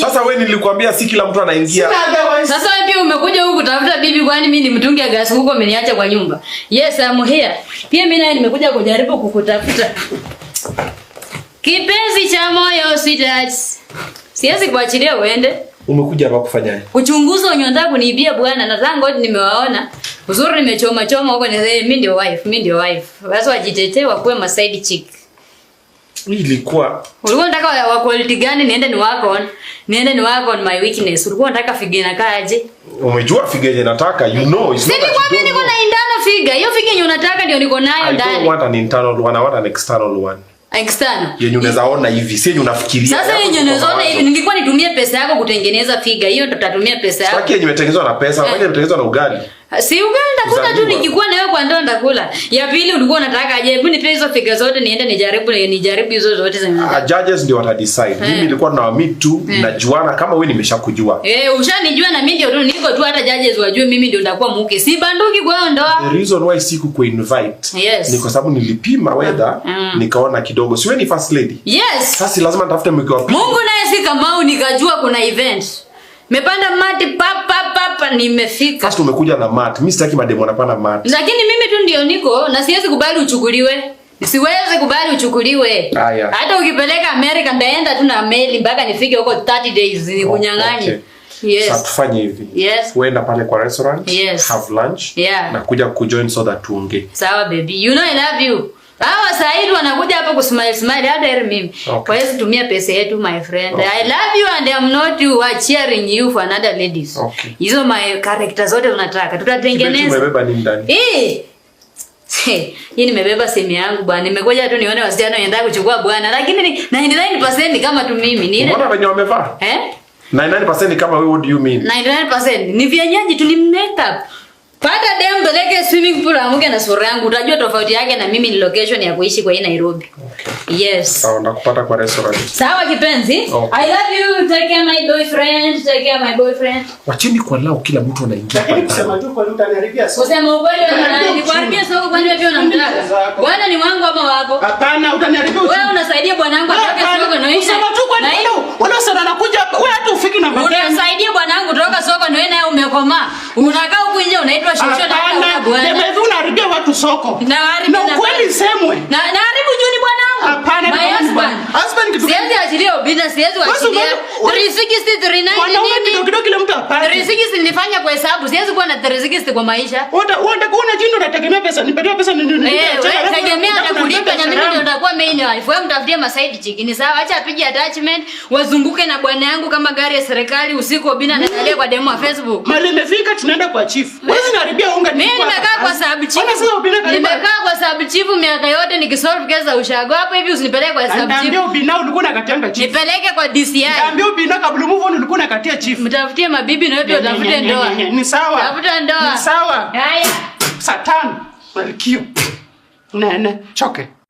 Sasa wewe nilikwambia si kila mtu anaingia. Sasa wewe pia umekuja huku kutafuta bibi kwani mimi ni mtungi gas huko umeniacha kwa nyumba. Yes, I'm here. Pia mimi naye nimekuja kujaribu kukutafuta. Kipenzi cha moyo sweetheart. Siwezi kuachilia uende. Umekuja hapa kufanya nini? Kuchunguza unyonda kuniibia bwana na tangu nimewaona. Uzuri nimechoma choma huko ni mimi eh, ndio wife, mimi ndio wife. Basi wajitetee wakuwe masaidi chiki ilikuwa ulikuwa unataka wa quality gani? Niende ni work on, niende ni work on my weakness. Ulikuwa unataka figure na kaje? Umejua figure yenye nataka, you know it's not. that kwa mimi niko na internal figure, hiyo figure yenye unataka ndio niko nayo ndani. I don't want an internal one, I want an external one. External yenye unaweza ona hivi, si yenye unafikiria. Sasa yenye unaweza ona hivi, ningekuwa nitumie pesa yako kutengeneza figa hiyo, ndo tutatumia pesa yako. Sasa yenye imetengenezwa na pesa, yenye eh. imetengenezwa na ugali. Si ugali ndakula tu nikikuwa na wewe kwa ndoo ndakula. Ya pili ulikuwa unataka aje, hebu nipe hizo figure zote niende nijaribu nijaribu hizo zote za mimi. Uh, ah, judges ndio wana decide. Eh. Mimi nilikuwa na mimi tu eh. na juana kama wewe nimeshakujua. Eh, ushanijua na mimi ndio tu niko tu hata judges wajue mimi ndio nitakuwa mke. Si banduki kwa hiyo ndoa. The reason why siku ku invite yes, ni kwa sababu nilipima ah, weather mm, nikaona kidogo. Si wewe ni first lady. Yes. Sasa lazima nitafute mke wa pili. Mungu naye si kama au nikajua kuna event. Mepanda mati papa papa nimefika. Sasa umekuja na mati. Mimi sitaki mademo anapanda mati. Lakini mimi tu ndio niko na siwezi kubali uchukuliwe. Siwezi kubali uchukuliwe. Haya. Ah, yeah. Hata ukipeleka America ndaenda tu na meli mpaka nifike huko 30 days nikunyang'anye. Oh, okay. Yes. Sasa tufanye hivi. Yes. Uenda pale kwa restaurant, yes. Have lunch yeah. Na kuja kujoin so that tuongee. Sawa baby. You know I love you. Hawa Said wanakuja hapa kusmile smile hata heri mimi. Kwa hiyo tumia pesa yetu my friend. Okay. I love you and I'm not you are cheering you for another ladies. Okay. Hizo my character zote tunataka. Tutatengeneza. Tumebeba ni ndani? Eh. Hii nimebeba simu yangu bwana. Nimekuja tu nione wasichana wanaenda kuchukua bwana. Lakini ni 99% kama tu mimi ni ile. Mbona wenye wamevaa? Eh? 99% kama wewe what do you mean? 99% ni vyenyeji tu ni makeup. Pata dem peleke swimming pool amuke na sura yangu utajua tofauti yake na mimi ni location ya kuishi kwa hii Nairobi. Okay. Yes. Sawa nakupata kwa restaurant. Sawa kipenzi. Okay. I love you. Take care my boyfriend. Take care my boyfriend. Wacheni kwa lao kila mtu anaingia kwa. Yaani kusema tu kwa mtu anaharibia soko. Kusema ukweli unaniharibia kwa kwani pia unamtaka. Bwana ni wangu ama wako? Hapana, utaniharibia. Wewe unasaidia bwana wangu umekomaa. Unakaa huku nje unaitwa shoshona. Unaharibia watu soko. Na kweli semwe. Na Husband kitu nilifanya kwa hesabu, siwezi kuwa na kwa maisha. Eh, mtafutie masaidi chiki, sawa. Acha apige attachment, wazunguke na bwana yangu kama gari ya serikali usiku obina na kwa demo ya Facebook. Mali imefika tunaenda kwa chief. Wewe unaribia unga ni. Mimi nimekaa kwa sababu chief. Nimekaa kwa sababu chief miaka yote nikisolve kesi za ushago. Hapo hivi usinipeleke kwa sababu chief. Nikaambia Ubina ulikuwa unakatianga chief. Nipeleke kwa DCI. Nikaambia Ubina kabla move on ulikuwa unakatia chief. Mtafutie mabibi na wewe utafute ndoa. Ni sawa. Tafuta ndoa. Ni sawa. Haya. Satan. Malkia. Nene, choke.